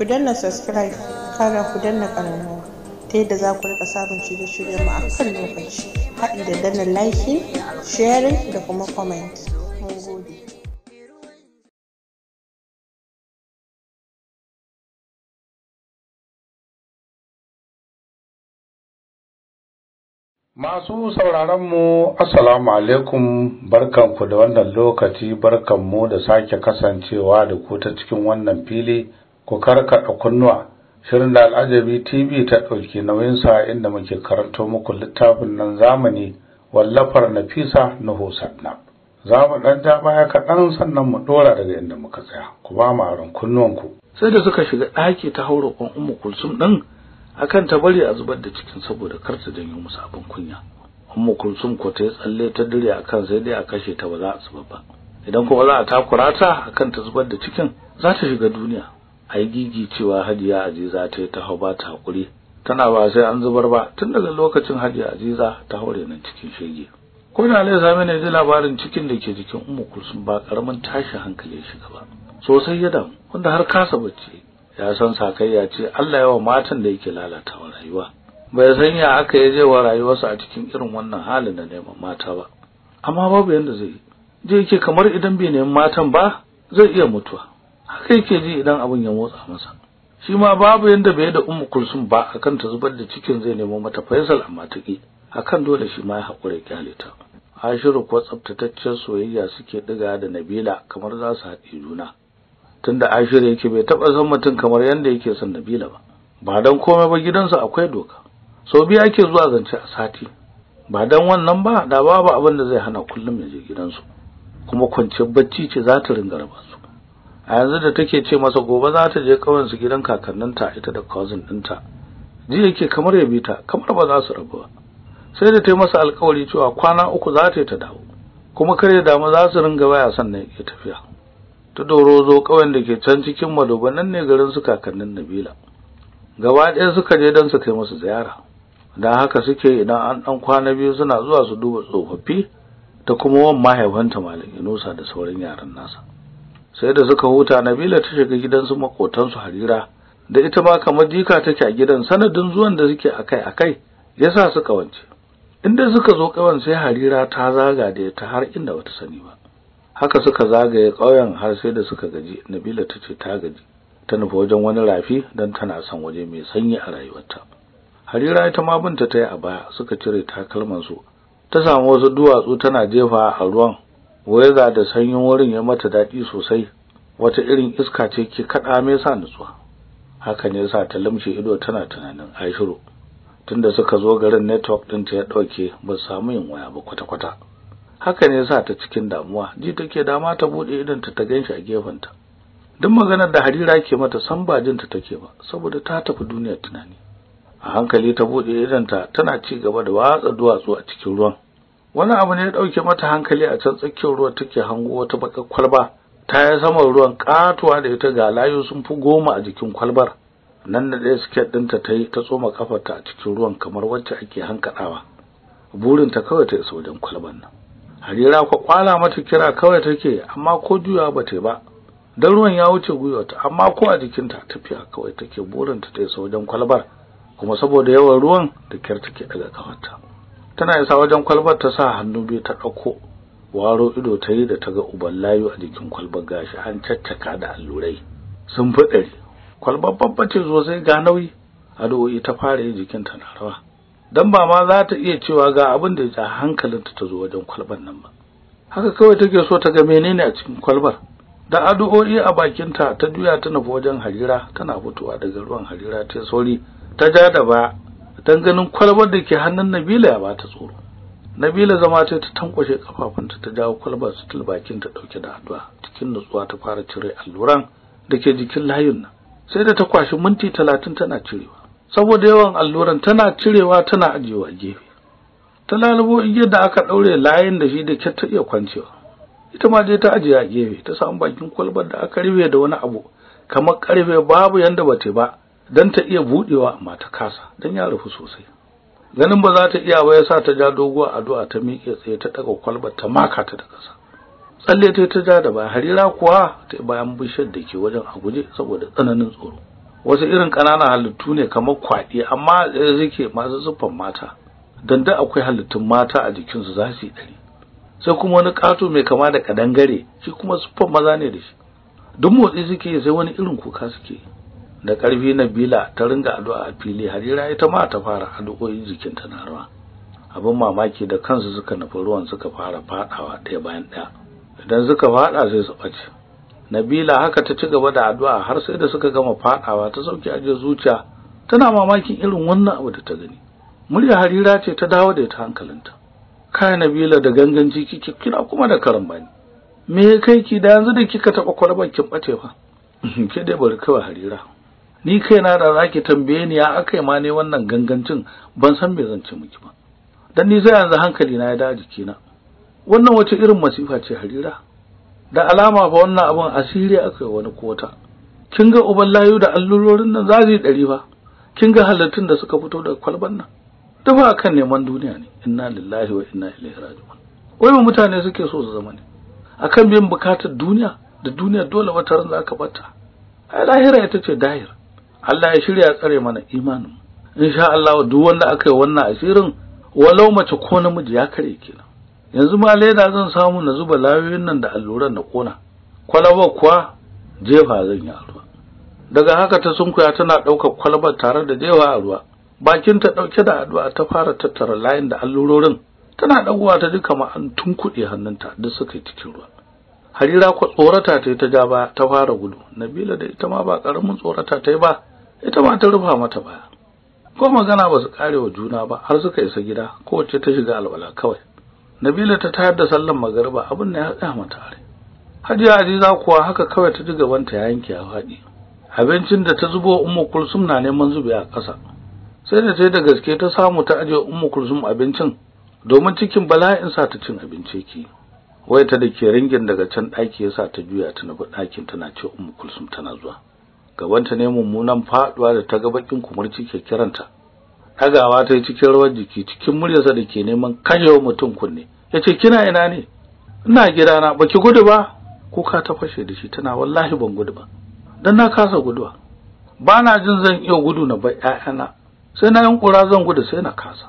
ku danna subscribe kara ku danna ƙararrawa ta yadda za ku rika samun shirye shiryen mu a kan lokaci haɗi da danna like sharing da kuma comment mun gode Masu sauraronmu, Assalamu alaikum, barkanku da wannan lokaci, barkanmu da sake kasancewa da ku ta cikin wannan fili ku karkaɗa kunnuwa shirin da al'ajabi tv ta ɗauki nauyin nauyinsa inda muke karanto muku littafin nan zamani wallafar nafisa na hosanna za mu ɗan ja baya kaɗan sannan mu ɗora daga inda muka tsaya ku ba mu aron kunnuwanku sai da suka shiga ɗaki ta haura kwan umu kulsum ɗin akan ta bari a zubar da cikin saboda kar ta janyo musu abin kunya ummu kulsum ko ta yi tsalle ta dire akan sai dai a kashe ta ba za a zuba ba idan kuma za a takura ta akan ta zubar da cikin za ta shiga duniya ai gigi cewa hajiya aziza ta yi ta hau ba ta hakuri tana ba sai an zubar ba tun daga lokacin hajiya aziza ta haure nan cikin shege ko da alai sami ne ji labarin cikin da ke jikin ummu kulsum ba karamin tashi hankali ya shiga ba sosai ya damu wanda har kasa bacci ya san sakayya ce Allah yawa matan da yake lalatawa rayuwa bai san ya aka yi jewa rayuwarsa a cikin irin wannan halin da neman mata ba amma babu yanda zai je yake kamar idan bai neman matan ba zai iya mutuwa kai ke ji idan abin ya motsa masa shi ma babu yadda bai da ummu kulsum ba akan ta zubar da cikin zai nemo mata faisal amma ta ki akan dole shi ma ya haƙura kyale ta ashiru kuwa tsaftataccen soyayya suke diga da nabila kamar za su haɗe juna tunda ashiru yake bai taɓa san mutum kamar yadda yake son nabila ba ba don komai ba gidansa akwai doka sau biyu ake zuwa zance a sati ba don wannan ba da babu abin da zai hana kullum ya je gidansu kuma kwanciyar bacci ce za ta ringa rabasu a yanzu da take ce masa gobe za ta je kawai su gidan kakanninta ita da cousin dinta. ji yake kamar ya bita, kamar ba za su rabu ba sai da ta yi masa alkawari cewa kwana uku za ta yi ta dawo kuma kar ya damu za su ringa baya sannan ya tafiya ta doro zo kawai da ke can cikin madoba nan ne garin su kakannin Nabila gaba ɗaya suka je don su kai masa ziyara dan haka suke idan an ɗan kwana biyu suna zuwa su duba tsofaffi ta kuma wan mahaifanta malam da sauran yaran nasa sai da suka huta nabila ta shiga gidan gidansu makotansu harira da ita ma kamar jika take a gidan sanadin zuwan da suke akai akai yasa suka wance inda suka zo kawan sai harira ta zaga da ta har inda bata sani ba haka suka zagaye ƙauyen har sai da suka gaji nabila ta ce ta gaji ta nufa wajen wani rafi don tana son waje mai sanyi a rayuwarta harira ita ma binta ta yi a baya suka cire takalman su, ta samu wasu duwatsu tana jefa a ruwan za da sanyin wurin ya mata daɗi sosai wata irin iska ce ke kaɗa mai sa nutsuwa haka ne yasa ta lamshe ido tana tunanin Aishiru tunda suka zo garin network din ta ya dauke ba samu yin waya ba kwata kwata haka ne yasa ta cikin damuwa ji take dama ta bude idan ta ta ganshi a gefen ta duk maganar da Harira ke mata san ba jinta ta take ba saboda ta tafi duniyar tunani a hankali ta bude idan ta tana ci gaba da watsa duwatsu a cikin ruwan wani abu ne ya ɗauke mata hankali a can tsakiyar ruwa take hango wata bakar kwalba ta yi saman ruwan katuwa da ita ga layu sun fi goma a jikin kwalbar nan da ɗaya siket ɗinta ta yi ta tsoma kafarta a cikin ruwan kamar wacce ake hankaɗawa burinta kawai ta isa wajen kwalbar nan harira kwa kwala mata kira kawai take amma ko juya ba ta ba dan ruwan ya wuce ta amma ko a jikinta tafiya kawai take burinta ta isa wajen kwalbar kuma saboda yawan ruwan da kyar take daga kafarta tana isa wajen kwalbar ta sa hannu biyu ta ɗauko waro ido ta yi da ta ga uban layu a jikin kwalbar gashi an caccaka da allurai sun ɗari kwalbar babba ce sai ga nauyi addu'o'i ta fara yi jikinta na rawa dan ba ma za ta iya cewa ga abin da ya hankalinta ta zo wajen kwalbar nan ba haka kawai take so ta ga menene a cikin kwalbar da addu'o'i a bakinta ta juya ta nufi wajen harira tana fitowa daga ruwan harira ta sauri ta ja da ba dan ganin kwalbar da ke hannun Nabila ya bata tsoro Nabila zama ta ta tankwashe kafafunta ta jawo kwalbar su tilbakin ta dauke da addu'a cikin nutsuwa ta fara cire alluran da ke jikin layun nan sai da ta kwashi minti talatin tana cirewa saboda yawan alluran tana cirewa tana ajiyewa gefe ta lalubo igiyar da aka daure layin da shi da ke ta iya kwancewa ita ma je ta ajiye a gefe ta samu bakin kwalbar da aka rufe da wani abu kamar karfe babu yanda bata ba dan ta iya buɗewa, amma ta kasa dan ya rufu sosai ganin ba za ta iya ba yasa ta ja doguwa addu'a ta miƙe tsaye ta ɗaga kwalba, ta maka ta da kasa tsalle ta ta ja da baya harira kuwa ta bayan bishiyar da ke wajen a guje saboda tsananin tsoro wasu irin ƙananan halittu ne kamar kwaɗi amma suke masu zuffan mata dan da akwai halittun mata a jikinsu za su yi ɗari sai kuma wani ƙato mai kama da kadangare shi kuma zuffan maza ne da shi duk motsi suke sai wani irin kuka suke da ƙarfi Nabila ta ringa addu'a a fili Harira ita ma ta fara addu'o'i jikinta na ruwa. abin mamaki da kansu suka nufi ruwan suka fara fadawa ɗaya bayan ɗaya idan suka fada sai su ɓace Nabila haka ta ci gaba da addu'a har sai da suka gama fadawa ta sauke aje zuciya tana mamakin irin wannan abu da ta gani murya Harira ce ta dawo da ita hankalinta kai Nabila da ganganci kike kira kuma da karambani. bani me kai ki da yanzu da kika taba kwalbar kin bace fa ke dai bari kawai Harira ni kaina da zaki tambaye ni ya akai ma ne wannan gangancin ban san me zan ce miki ba dan ni sai yanzu hankali na ya dawo jikina wannan wace irin masifa ce harira da alama fa wannan abun asiri akai wani kota kin ga uban layu da allurorin nan zazi ɗari ba kin ga halittun da suka fito daga kwalban nan dafa a kan neman duniya ne inna lillahi wa inna ilaihi raji'un wai mu mutane suke so su zama ne akan biyan bukatar duniya da duniya dole wata ran za ka bata a lahira ita ce dahira Allah ya shirya tsare mana imanin insha Allah duk wanda aka yi wannan asirin walau mace ko namiji ya kare kenan yanzu ma leda zan samu na zuba layoyin nan da alluran na kona kwalaba kuwa jefa zan yi ruwa daga haka ta sunkuya tana ɗaukar kwalabar tare da jefa a ruwa bakin ta ɗauke da addu'a ta fara tattara layin da allurorin tana ɗaguwa ta duka kamar an tunkuɗe hannunta duk suka yi cikin ruwa harira ko tsorata ta yi ta ja ba ta fara gudu nabila da ita ma ba ƙaramin tsorata ta yi ba ita ma ta rufa mata baya ko magana ba su kare wa juna ba har suka isa gida kowace ta shiga alwala kawai nabila ta tayar da sallan magariba abin da ya tsaya mata are hajiya aziza kuwa haka kawai ta ji gaban ta yanke ya faɗi abincin da ta zubo ummu kulsum na neman zube a ƙasa sai da ta da gaske ta samu ta ajiye ummu kulsum abincin domin cikin bala'in sa ta cin abinci ki wai ta da ke ringin daga can ɗaki ya sa ta juya ta nufi ɗakin tana ce ummu kulsum tana zuwa gabanta ne mummunan faduwa da ta ga bakin kumurci ke kiranta tagawa ta yi cikin ruwan jiki cikin muryarsa da ke neman kanyewa mutum kunne ya ce kina ina ne ina gidana baki gudu ba kuka ta fashe da shi tana wallahi ban gudu ba dan na kasa guduwa ba na jin zan iya gudu na bar ƴaƴana sai na yankura zan gudu sai na kasa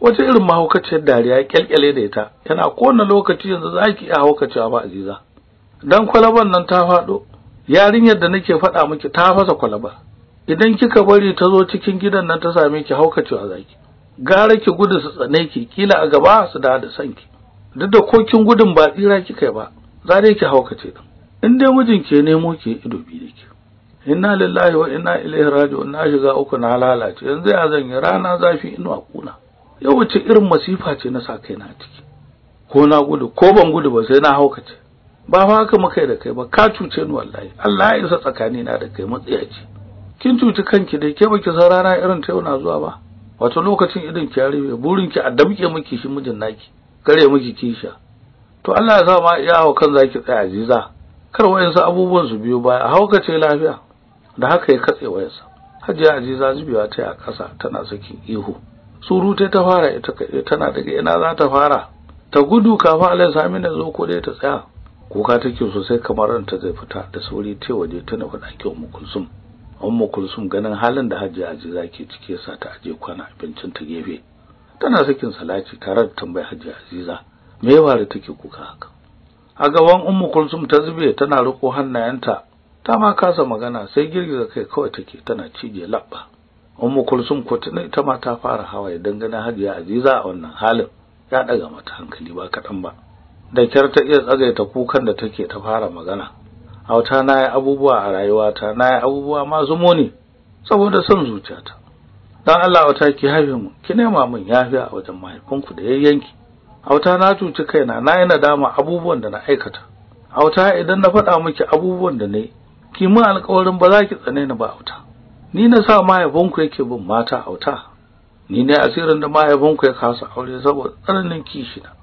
wata irin mahaukaciyar dariya kyalkyale da ita yana kowane lokaci yanzu za ki iya haukacewa ba aziza dan kwalaban nan ta faɗo yarinyar da nake faɗa miki ta fasa kwalaba idan kika bari ta zo cikin gidan nan ta same ki cewa zaki gara ki gudu su tsane ki kila a gaba su da da sanki duk da kokin gudun ba tsira kika yi ba za dai ki haukace ce in dai mijin ke nemo ki ido bi da ki inna lillahi wa inna ilaihi raji'un na shiga uku na lalace yanzu ya zan yi rana zafi inuwa kuna yau wace irin masifa ce na sa kaina a ciki ko na gudu ko ban gudu ba sai na haukace ba fa haka muka yi da kai ba ka cuce ni wallahi Allah ya isa tsakani na da kai matsiyaci kin cuci kanki dai ke baki san rana irin ta yau na zuwa ba wato lokacin idan ki yare burin ki a damke miki shi mijin naki kare miki kisha to Allah ya sa ma iya hawa kan zaki tsaya aziza kar wayansu abubuwan su biyo baya ka ce lafiya da haka ya katse wayansa hajiya aziza zubiwa ta a kasa tana sakin ihu Surutai ta fara ita tana daga ina za ta fara ta gudu kafin Allah ya sami na zo ko dai ta tsaya kuka take sosai kamar ranta zai fita da sauri ta waje ta da ɗakin ummu kulsum ummu kulsum ganin halin da Hajiya aziza ke ciki sa ta aje kwana abincin ta gefe tana sakin salati tare da tambayar Hajiya aziza me yawa da take kuka haka a gaban ummu kulsum ta zube tana riko hannayenta ta ma kasa magana sai girgiza kai kawai take tana cije labba ummu kulsum ko tana ita ma ta fara hawaye dangane hajiya aziza a wannan halin ya daga mata hankali ba kaɗan ba da kyar ta iya tsagaita kukan da take ta fara magana auta na yi abubuwa a rayuwata na yi abubuwa ma zumo ne saboda son zuciyata dan Allah wata ki haife mu ki nema min yafiya a wajen mahaifinku da yayyanki auta na cuci kaina na yi nadama abubuwan da na aikata auta idan na faɗa miki abubuwan da nayi ki mun alƙawarin ba za ki tsane ni ba auta ni na sa mahaifinku yake bin mata auta ni ne asirin da mahaifinku ya kasa aure saboda tsananin kishina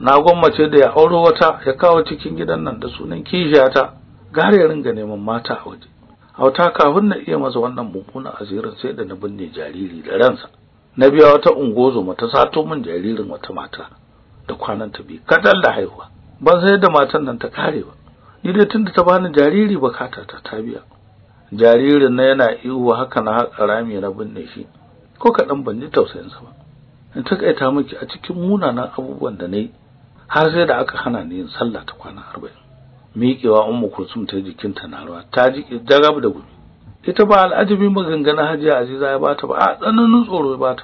na gwammace da ya auro wata ya kawo cikin gidan nan da sunan kishiyata gare ya ringa neman mata a waje hauta kafin na iya masa wannan mummunan asirin sai da na binne jariri da ransa na biya wata ungozoma mata sato min jaririn wata mata da kwanan ta bi kadal da haihuwa ban sai da matan nan ta kare ba ni dai tunda ta bani jariri bukata ta ta biya jaririn na yana ihu haka na haƙa rami na binne shi ko kaɗan ban ji tausayinsa ba in takaita miki a cikin munanan abubuwan da na yi har sai da aka hana ni yin sallah ta kwana 40 miƙewa ummu kulsum ta jikinta na rawa ta ji jagab da gumi ita ba al'ajabi maganganun hajiya aziza ya bata ba a tsananin tsoro ya bata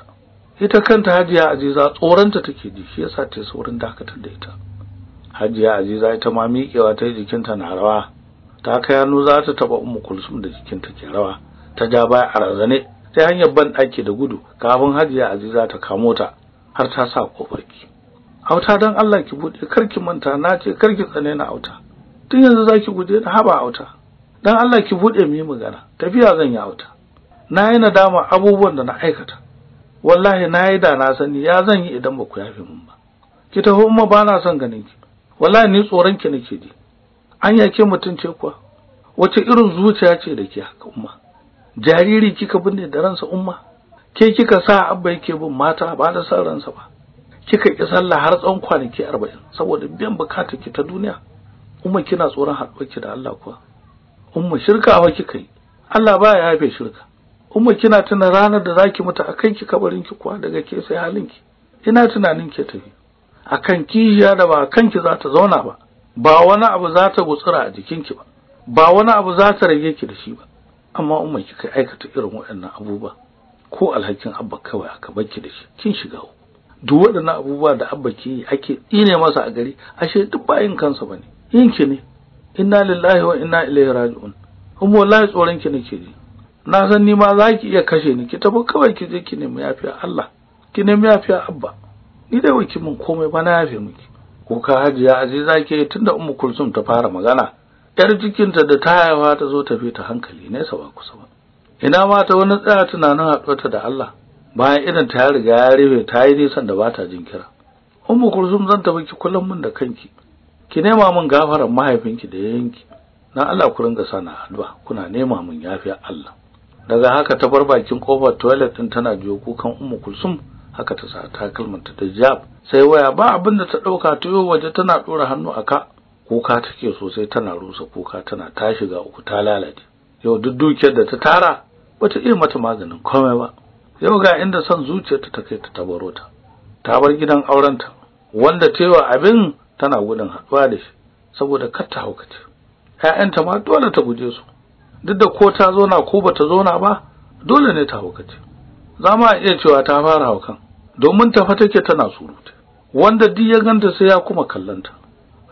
ita kanta hajiya aziza tsoronta take ji shi yasa ta saurin dakatar da ita hajiya aziza ita ma miƙewa ta jikinta na rawa ta kai hannu za ta taɓa ummu kulsum da jikinta ke rawa ta ja baya a razane sai hanyar ban ɗaki da gudu kafin hajiya aziza ta kamo ta har ta sa ƙofar ki auta dan Allah ki buɗe karki manta na ce kar ki tsane na auta tun yanzu zaki guje na haba auta Dan Allah ki buɗe mu yi magana tafiya zan yi auta na yi nadama abubuwan da na aikata wallahi na yi da na sani ya zan yi idan ba ku yafe min ba ki taho mu ba na son ganin ki wallahi ni tsoron ki nake ji an yake mutum ce kuwa wace irin zuciya ce da ke haka umma jariri kika binne da ransa umma ke kika sa abba yake bin mata ba da san ransa ba kika ki sallah har tsawon kwanaki arba'in saboda biyan bukatar ki ta duniya umma kina tsoron haɗuwar ki da Allah kuwa umma shirka wa kika yi Allah baya yafe shirka umma kina tuna ranar da zaki mutu akan ki kabarin ki kuwa daga ke sai halin ki ina tunanin ki tafi akan kishiya da ba akan ki za ta zauna ba ba wani abu za ta gutsura a jikin ki ba ba wani abu za ta rage ki da shi ba amma umma kika aikata irin waɗannan abubuwa ko alhakin abba kawai aka barki da shi kin shiga uku duk waɗannan abubuwa da abba ke yi ake tsine masa a gari ashe duk ba yin kansa ba ne yin ki ne inna lillahi wa inna ilaihi raji'un kuma wallahi tsoron ki nake ji na san ni ma za ki iya kashe ni ki tafi kawai ki je ki nemi yafiya Allah ki nemi yafiya abba ni dai waki min komai ba na yafe miki kuka hajiya aziza ke tunda ummu kulsum ta fara magana yar jikinta da ta haifa ta zo tafi ta hankali nesa ba kusa ba ina ma ta wani tsaya tunanin haɗuwarta da Allah bayan irin ta ya riga ya rufe ta yi nisan da ba ta jin kira ummu zan tafi ki kullum mun da kanki ki nema min gafaran mahaifinki da yanki na Allah ku ringa sana addu'a kuna nema min yafiya Allah daga haka ta bar bakin kofar toilet din tana jiyo kukan ummu kulsum haka ta sa takalmanta ta jab sai waya ba abin da ta dauka tuyo waje tana dora hannu a ka? kuka take sosai tana rusa kuka tana tashi ga uku ta lalace yau duk dukiyar da ta tara bata iya mata maganin komai ba yau ga inda son zuciyarta ta kai ta tabaro ta ta bar gidan aurenta wanda cewa abin tana gudun haɗuwa da shi saboda kar ta haukace ƴaƴanta ma dole ta guje su duk da ko ta zo na ko bata zo na ba dole ne ta haukace za ma iya cewa ta fara haukan domin tafa take tana surutu wanda duk ya ganta sai ya kuma kallanta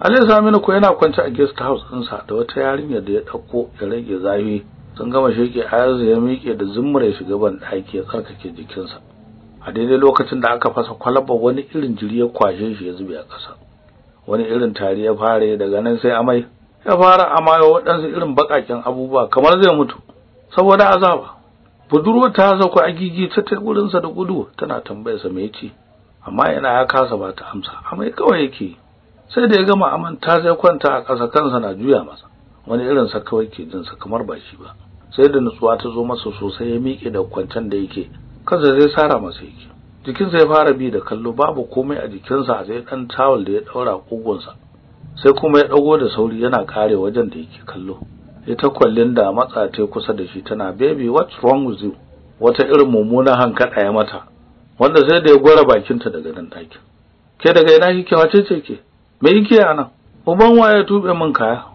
Ali Saminu ko yana kwance a guest house ɗinsa da wata yarinya da ya ɗauko ya rage zafi sun gama sheke ayarsu ya miƙe da zumura ya shiga ban ɗaki ya tsarkake jikinsa a daidai lokacin da aka fasa kwalaba wani irin jiri ya kwashe shi ya zube a ƙasa wani irin tari ya fara daga nan sai amai ya fara amayo waɗansu irin baƙaƙen abubuwa kamar zai mutu saboda azaba budurwa ta sauka agigi ta ta gurinsa da gudu tana sa me yace amma yana ya kasa ba ta amsa amai kawai yake sai da ya gama aman ta sai kwanta a ƙasa kansa na juya masa wani irin sa kawai ke jinsa kamar ba shi ba sai da nutsuwa ta zo masa sosai ya miƙe da kwancen da yake kansa zai sara masa yake jikinsa ya fara bi da kallo babu komai a jikinsa sai dan tawul da ya ɗaura kugunsa sai kuma ya dago da sauri yana kare wajen da yake kallo ita kwallin da matsa ta kusa da shi tana baby what's wrong with you wata irin mummunan hankada ya mata wanda sai da ya gwara bakinta daga nan ɗakin ke daga ina kike wace ce ke me yake a nan uban waye tube min kaya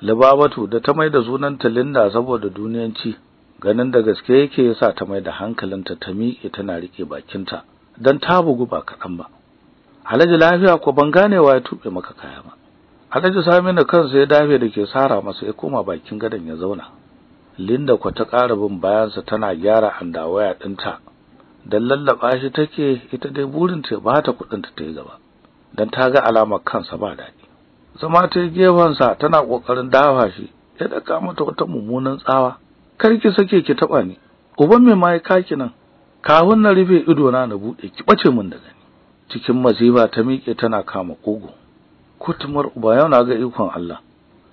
Libabatu da ta maida zunanta Linda saboda duniyanci ganin da gaske yake yasa ta maida hankalinta ta miƙe tana rike bakinta dan ta bugu ba kaɗan ba Alhaji lafiya ko ban ganewa ya tube maka kaya ba Alhaji Saminu kansa ya dafe dake sara masa ya koma bakin gadan ya zauna Linda ko ta ƙara bin bayansa tana gyara andawaya ɗinta dan lallaba shi take ita dai burin ta ba ta kuɗin ta yi gaba dan ta ga alamar kansa ba daɗi zama ta gefensa tana ƙoƙarin dawa shi ya daka mata wata mummunan tsawa kar ki sake ki taɓa ni uban mai ma kinan kaki nan kawun na rufe ido na na buɗe ki ɓace min da gani cikin masifa ta miƙe tana kama kogo kutumar uba yana ga ikon Allah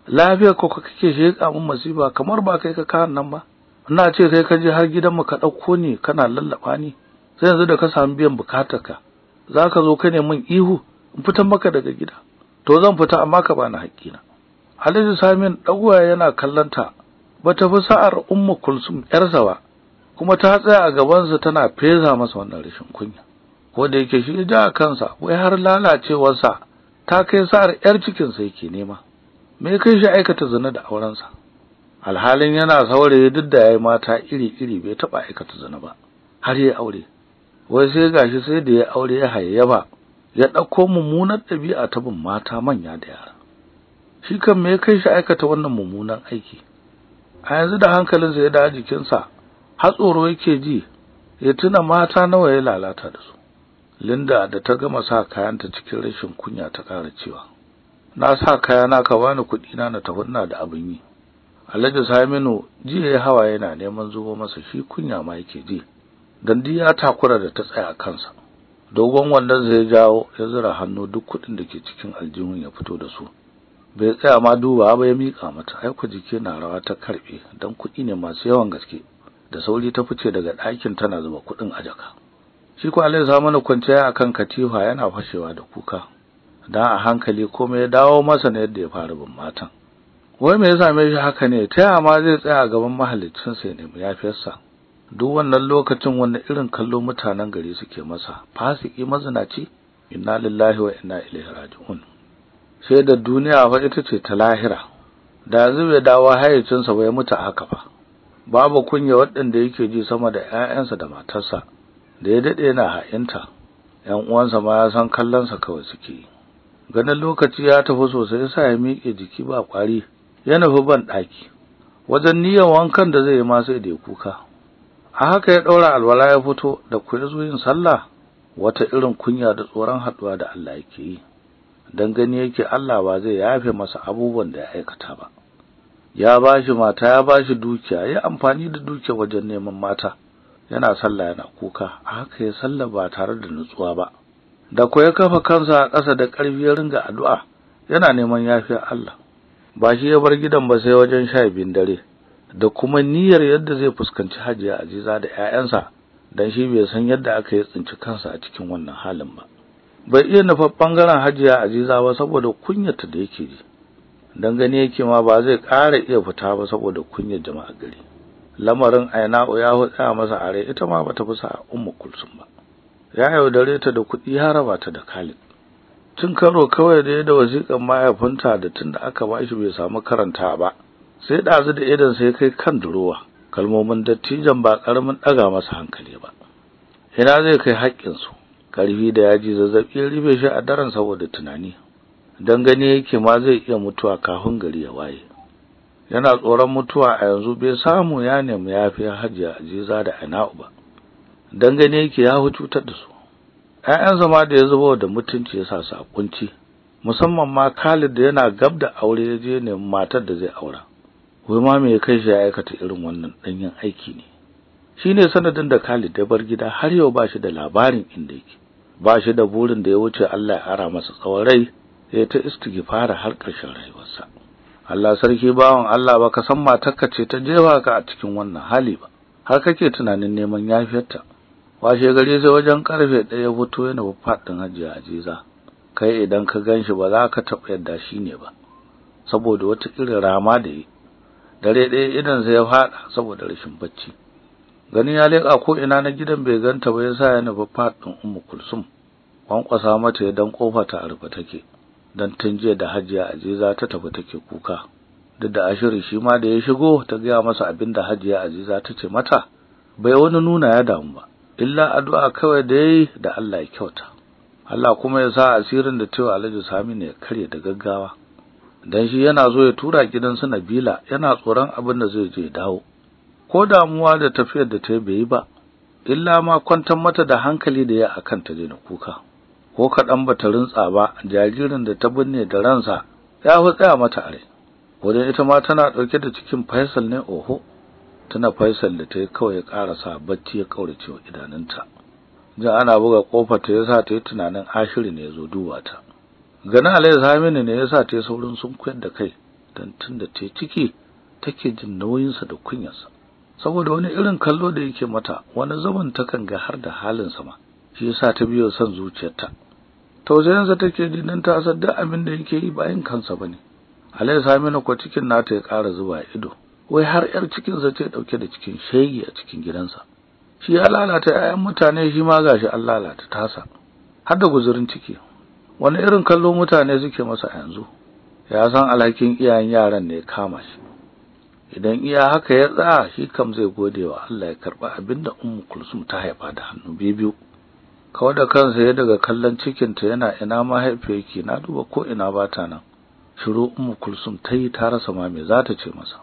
lafiyar ko kake sheƙa mun masifa kamar ba kai ka kawo nan ba ina ce sai ka je har gidan mu ka ɗauko ni kana lallaɓa ni sai yanzu da ka samu biyan bukatarka za ka zo ka ne min ihu in fitan maka daga gida to zan fita amma ka bani haƙƙina Halisu Samin ɗagwaya yana kallanta ta fi sa'ar umma Kulsum ƴarsa ba kuma ta tsaya a gabansa tana feza masa wannan rashin kunya ko da yake shi da kansa wai har lalacewar sa ta kai sa'ar yar cikin sa yake nema me kai shi aikata zina da aurensa alhalin yana saurayi duk da yayi mata iri-iri bai taɓa aikata zina ba har yayi aure wai sai gashi sai da ya aure ya hayyaba ba ya ɗauko mummunar ɗabi'a ta bin mata manya da yara shi kan me ya kai shi aikata wannan mummunan aiki a yanzu da hankalinsa ya da jikinsa har tsoro yake ji ya tuna mata nawa ya lalata da su Linda da ta gama sa kayanta cikin rashin kunya ta ƙara cewa na sa kayana ka bani kuɗi na na tafi da abin yi Alhaji Saminu jiya ya hawa yana neman zubo masa shi kunya ma yake ji dan ya takura da ta tsaya kansa dogon wandon zai jawo ya zura hannu duk kuɗin da ke cikin aljihun ya fito da su bai tsaya ma duba ba ya mika mata aiko jiki na rawa ta karɓe dan kuɗi ne masu yawan gaske da sauri ta fice daga ɗakin tana zuba kuɗin a jaka shi ko Allah ya mana kwanciya akan katifa yana fashewa da kuka dan a hankali komai ya dawo masa ne yadda ya fara bin matan wai me yasa same shi haka ne ta ma zai tsaya gaban mahallicin sai ne mu yafiyarsa duk wannan lokacin wanne irin kallo mutanen gari suke masa fasiki mazinaci inna lillahi wa inna ilaihi raji'un sai da duniya fa ita ce ta lahira da zube dawa hayyacinsa bai mutu haka ba babu kunya waɗanda yake ji sama da ƴaƴansa da matarsa da ya dade yana ha'inta ƴan uwansa ma ya san kallonsa kawai suke ganin lokaci ya tafi sosai sa ya miƙe jiki ba kwari ya nufi ban ɗaki wajen niyyar wankan da zai yi ma sai da kuka a haka ya ɗaura alwala ya fito da ku zo yin sallah wata irin kunya da tsoron haɗuwa da Allah yake yi dan gani yake Allah ba zai yafe masa abubuwan da ya aikata ba ya bashi mata ya bashi dukiya ya amfani da dukiya wajen neman mata yana sallah yana kuka a haka ya sallah ba tare da nutsuwa ba da ko kafa kansa a ƙasa da ƙarfi ya ringa addu'a yana neman yafiyar Allah ba shi ya bar gidan ba sai wajen sha biyun dare da kuma niyyar yadda zai fuskanci Hajiya Aziza da ƴaƴansa dan shi bai san yadda aka yi tsinci kansa a cikin wannan halin ba bai iya nufa bangaren Hajiya Aziza ba saboda kunyarta da yake ji dan gani yake ma ba zai ƙara iya fita ba saboda kunyar jama'a gari lamarin Aina'u ya hutsa masa are ita ma bata fusa a Ummu Kulsum ba ya yaudare ta da kuɗi ya raba ta da Khalid tun karo kawai da ya da wasiƙar mahaifinta da tunda aka ba bai samu karanta ba sai ɗazu da idan sai kai kan durowa kalmomin dattijan ba karamin ɗaga masa hankali ba ina zai kai su karfi da yaji zazzabi ya rufe shi a daren saboda tunani Dangane gani yake ma zai iya mutuwa kafin gari ya waye yana tsoron mutuwa a yanzu bai samu ya nemi yafi hajiya ajiza da ana'u ba Dangane gani yake ya hutu da su ‘ya'yansa zama da ya zubo da mutunci ya sa su a kunci musamman ma Khalid da yana gab da aure ya je neman matar da zai aura wai ma me ya kai shi ya aikata irin wannan danyen aiki ne shine sanadin da Khalid da bar gida har yau ba shi da labarin inda yake ba shi da burin da ya wuce Allah ya ara masa tsawon rai ya ta istighfara har ƙarshen rayuwarsa Allah sarki bawan Allah ba ka san matarka ce ta jefa ka a cikin wannan hali ba har kake tunanin neman yafiyarta washe gari sai wajen karfe ɗaya fito yana faɗin hajiya ajiza kai idan ka ganshi ba za ka taɓa yadda shi ne ba saboda wata irin rama da yi dare ɗaya idan idansa ya faɗa saboda rashin bacci gani ya leƙa ko ina na gidan bai ganta ba yasa ya nufi faɗin ummu kulsum kwankwasa mata ya dan kofa ta arfa take dan tun jiya da hajiya aziza ta tafi take kuka duk da ashiri shi ma da ya shigo ta gaya masa abin da hajiya aziza ta ce mata bai wani nuna ya damu ba illa addu'a kawai da yayi da Allah ya kyauta Allah kuma ya sa asirin da tewa Alhaji Sami ne ya karye da gaggawa dan shi yana zo ya tura gidan su Nabila yana tsoron abin da zai je dawo ko damuwa da tafiyar da ta bai ba illa ma kwantar mata da hankali da ya akan ta daina kuka ko kaɗan bata rintsa ba jaririn da ta binne da ransa ya fi tsaya mata are wajen ita ma tana ɗauke da cikin Faisal ne oho tana Faisal da ta yi kawai ya sa bacci ya kaurace wa idanunta jin ana buga ƙofar ta yasa ta yi tunanin ashiri ne ya zo duba ta ganin alai Saminu ne yasa ta saurin sun kuyar da kai dan tunda ta ciki take jin sa da sa. saboda wani irin kallo da yake mata wani zaman ta kan ga har da sa ma shi yasa ta biyo son zuciyarta tausayinsa take ji dan ta san duk abin da yake yi bayan kansa bane alai zamini ko cikin nata ya kara zuba ido wai har yar cikin cikinsa ce dauke da cikin shege a cikin gidansa shi ya lalata 'ya'yan mutane shi ma gashi an lalata tasa har da guzurin ciki wani irin kallo mutane suke masa yanzu ya san alhakin iyayen yaran ne kama shi idan iya haka ya tsaya shi kam zai gode wa Allah ya karba abinda ummu kulsum ta haifa da hannu biyu kawai da kansa ya daga kallon cikin ta yana ina haife yake na duba ko ina ta nan shiru ummu kulsum ta yi ta rasa ma me za ta ce masa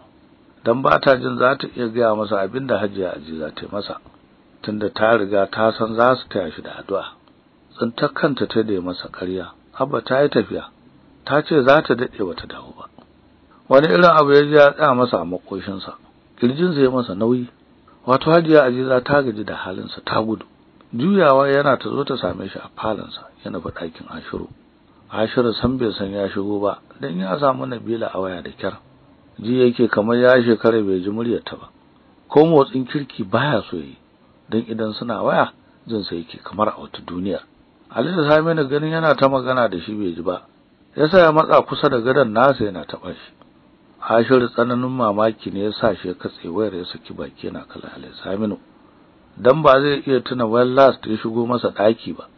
dan bata jin za ta iya gaya masa abinda hajiya aji za ta yi masa tunda ta riga ta san za su taya shi da addu'a ta kanta ta da masa ƙarya abba ta yi tafiya ta ce za ta daɗe bata dawo ba wani irin abu ya ji ya tsaya masa a makoshinsa Ƙirjin zai masa nauyi wato hajiya ajiza ta gaji da halinsa ta gudu juyawa yana ta zo ta same shi a falansa yana baɗakin ɗakin ashiru ashiru san bai san ya shigo ba don ya samu nabila a waya da kyar ji yake kamar ya shekara bai ji muryarta ba ko motsin kirki baya so yi don idan suna waya jin sa yake kamar a wata duniya. ta Saminu ganin yana ta magana da shi bai ji ba yasa ya matsa kusa da gadon nasa yana taɓa shi Ashiru tsananin mamaki ne yasa shi ya katse wayar ya saki baki yana kallon ta Saminu dan ba zai iya tuna wayar last ya shigo masa ɗaki ba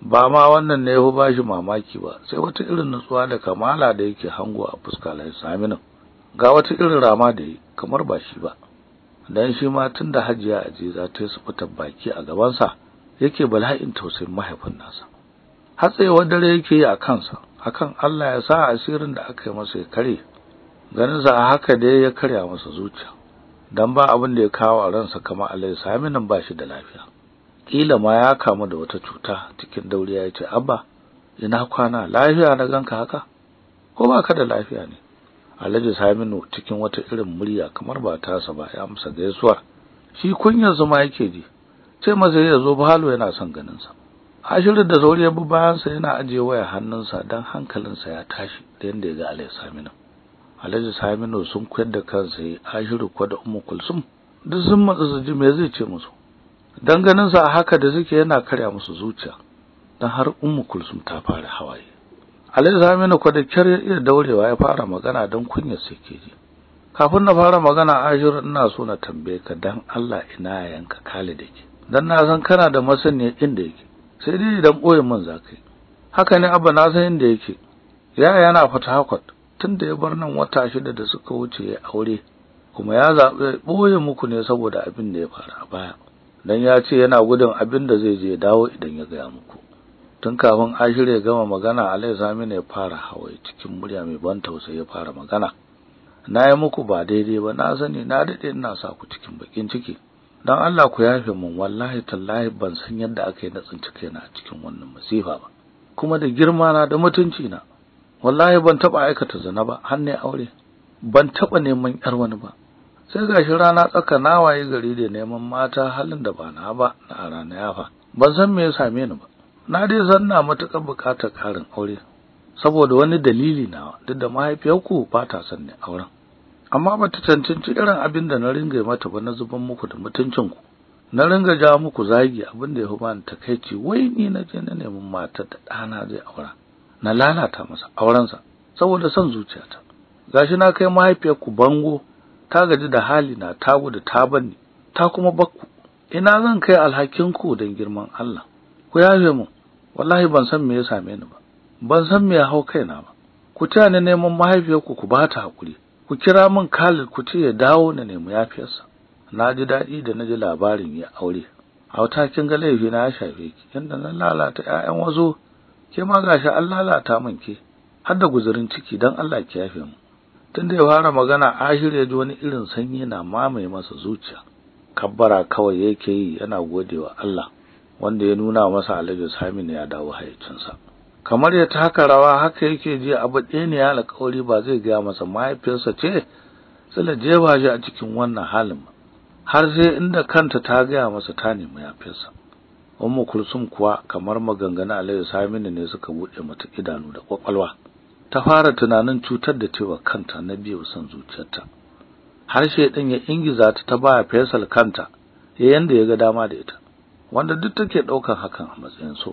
ba ma wannan ne ya bashi mamaki ba sai wata irin nutsuwa da kamala da yake hango a fuska lai Saminu ga wata irin rama da yi kamar ba shi ba dan shi ma tun da Hajiya aje za ta yi su fitar baki a gabansa yake bala'in tausayin mahaifin nasa hatsewar dare yake yi a kansa akan Allah ya sa asirin da aka yi masa ya kare ganin sa haka da ya karya masa zuciya dan ba abin da ya kawo a ransa kamar Allah ya ba shi da lafiya kila ma ya kamu da wata cuta cikin dauriya ya ce abba ina kwana lafiya na ganka haka ko ba ka da lafiya ne Alhaji Saminu cikin wata irin murya kamar ba tasa ba ya amsa gaisuwar shi kunyar zuma yake ji Sai masa ya zo falo yana son ganin sa ashirin da sauri ya bi bayan sa yana ajiye waya hannunsa dan hankalinsa ya tashi da yanda ya ga Alhaji Saminu Alhaji Saminu sun kwar da kansa ashiru kwa da Ummu Kulsum duk sun matsa su ji me zai ce musu dan ganin sa haka da suke yana karya musu zuciya dan har Ummu Kulsum ta fara hawaye Alhaji Saminu kwa da kyar ya iya daurewa ya fara magana dan kunya sai ke ji kafin na fara magana ashiru ina so na tambaye ka dan Allah ina yanka da ke. dan na san kana da masaniya inda yake sai dai idan boye mun zakai haka ne abba na san inda yake ya yana fata hakwat da ya bar nan wata shida da suka wuce ya aure kuma ya zabe boye muku ne saboda abin da ya fara a baya dan ya ce yana gudun abin da zai je dawo idan ya gaya muku tun kafin an shirya gama magana Alai mina ya fara hawa cikin murya mai ban tausayi ya fara magana na yi muku ba daidai ba na sani na daɗe ina sa ku cikin bakin ciki dan Allah ku yafe min wallahi tallahi ban san yadda aka yi na tsinci kaina a cikin wannan masifa ba kuma da girma na da mutunci na wallahi ban taba aikata zina ba har ne aure ban taba neman yar wani ba sai gashi rana tsaka na waye gari da neman mata halin da ba na ba na rana yafa ban san me ya same ni ba na dai san na matukar bukatar karin aure saboda wani dalili na duk da mahaifiyarku ba ta son auren amma bata cancanci irin abin da na ringa mata ba na zuban muku da mutuncin ku na ringa ja muku zagi abin da ya fi bani takaici wai ni na je na nemi matar da ɗana zai aura na lalata masa aurensa saboda son zuciyata gashi na kai mahaifiyarku bango ta gaji da hali na ta gudu ta banni ta kuma bakku ina zan kai alhakin ku don girman Allah ku yafe mu wallahi ban san me ya same ni ba ban san me ya hau kaina ba ku ni neman mahaifiyarku ku ku bata hakuri ku kira min Khalid ku ce ya dawo na nemi yafiyarsa na ji daɗi da na ji labarin ya aure wata kin ga laifi na ya shafe ki yanda na lalata ƴaƴan wazo ke ma gashi an lalata min ki, har da guzurin ciki dan Allah ki yafe mu tunda ya fara magana Ashir ya ji wani irin sanyi na mamaye masa zuciya kabbara kawai yake yi yana godewa Allah wanda ya nuna masa Alhaji Saminu ya dawo hayyacinsa. kamar ya taka rawa haka yake ji abu ɗaya ne ya alƙawari ba zai gaya masa mahaifiyarsa ce sila ba shi a cikin wannan halin har sai inda kanta ta gaya masa ta nemi yafinsa ummu kulsum kuwa kamar maganganu alayhi saminu ne suka buɗe mata idanu da kwakwalwa ta fara tunanin cutar da cewa kanta na biyu san zuciyarta har ɗin ya ingiza ta ta baya fesal kanta yayin da ya ga dama da ita wanda duk take ɗaukar hakan a matsayin so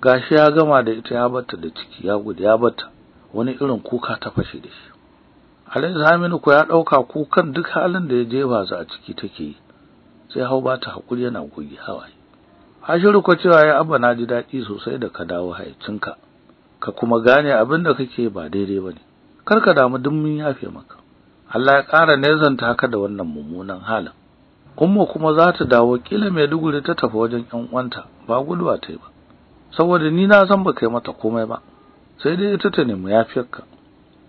gashi ya gama da ita ya bata da ciki ya gudu ya bata wani irin kuka ta fashe da shi Alhaji Saminu ko ya dauka kukan duk halin da ya je ba su a ciki take yi sai hau ba ta hakuri yana gogi hawaye Hashiru ko cewa ya abba na ji daɗi sosai da ka dawo hayacinka ka kuma gane abin da kake ba daidai ba ne. kar ka damu duk mun yafe maka Allah ya ƙara nezanta haka da wannan mummunan halin umma kuma za ta dawo kila mai Maiduguri ta tafi wajen ƴan uwanta ba guduwa ta yi ba saboda ni na san baka yi mata komai ba sai dai ita ta nemi yafiyarka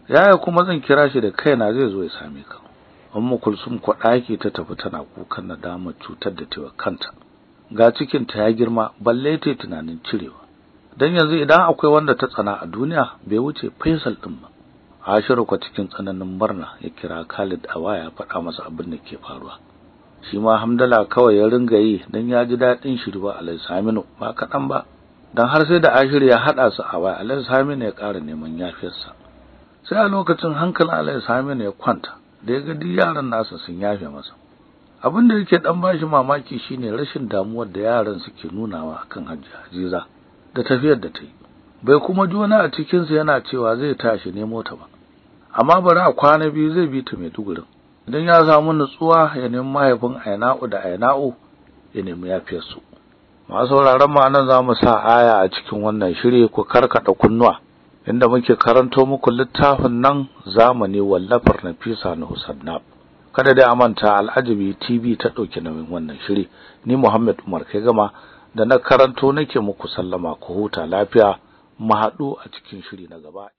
yaya kuma zan kira shi da kaina zai zo ya same ka ummu kulsum ko daki ta tafi tana kukan nadama cutar da ta kanta ga cikin ta ya girma balle ta tunanin cirewa dan yanzu idan akwai wanda ta tsana a duniya bai wuce Faisal din ba Ashiru ko cikin tsananin murna ya kira Khalid a waya faɗa masa abin da ke faruwa shi ma Hamdala kawai ya ringa yi dan ya ji dadin shirwa Alai Saminu ba kaɗan ba Don har sai da Ashir ya haɗa su a waya Alhaji Saminu ya ƙara neman yafiyarsa sai a lokacin hankalin Alhaji Saminu ya kwanta da ya ga duk yaran nasa sun yafe masa abin da yake ɗan bashi mamaki shine rashin damuwar da yaran suke nunawa akan Hajji Hajiza da tafiyar da ta yi bai kuma juna a cikinsa yana cewa zai tashi ne mota ba amma bari a kwana biyu zai bi ta Maiduguri idan ya samu nutsuwa ya nemi mahaifin Aina'u da Aina'u ya nemi yafiyarsu masu wuraren mu za zamu sa aya a cikin wannan shiri ku karkata kunnuwa inda muke karanto muku littafin nan zamani wallafar na fisa na Husannab kada dai amanta al'ajabi TV ta dauki nauyin wannan shiri ni Muhammad Umar kai gama da na karanto nake muku sallama ku huta lafiya mu haɗu a cikin shiri na gaba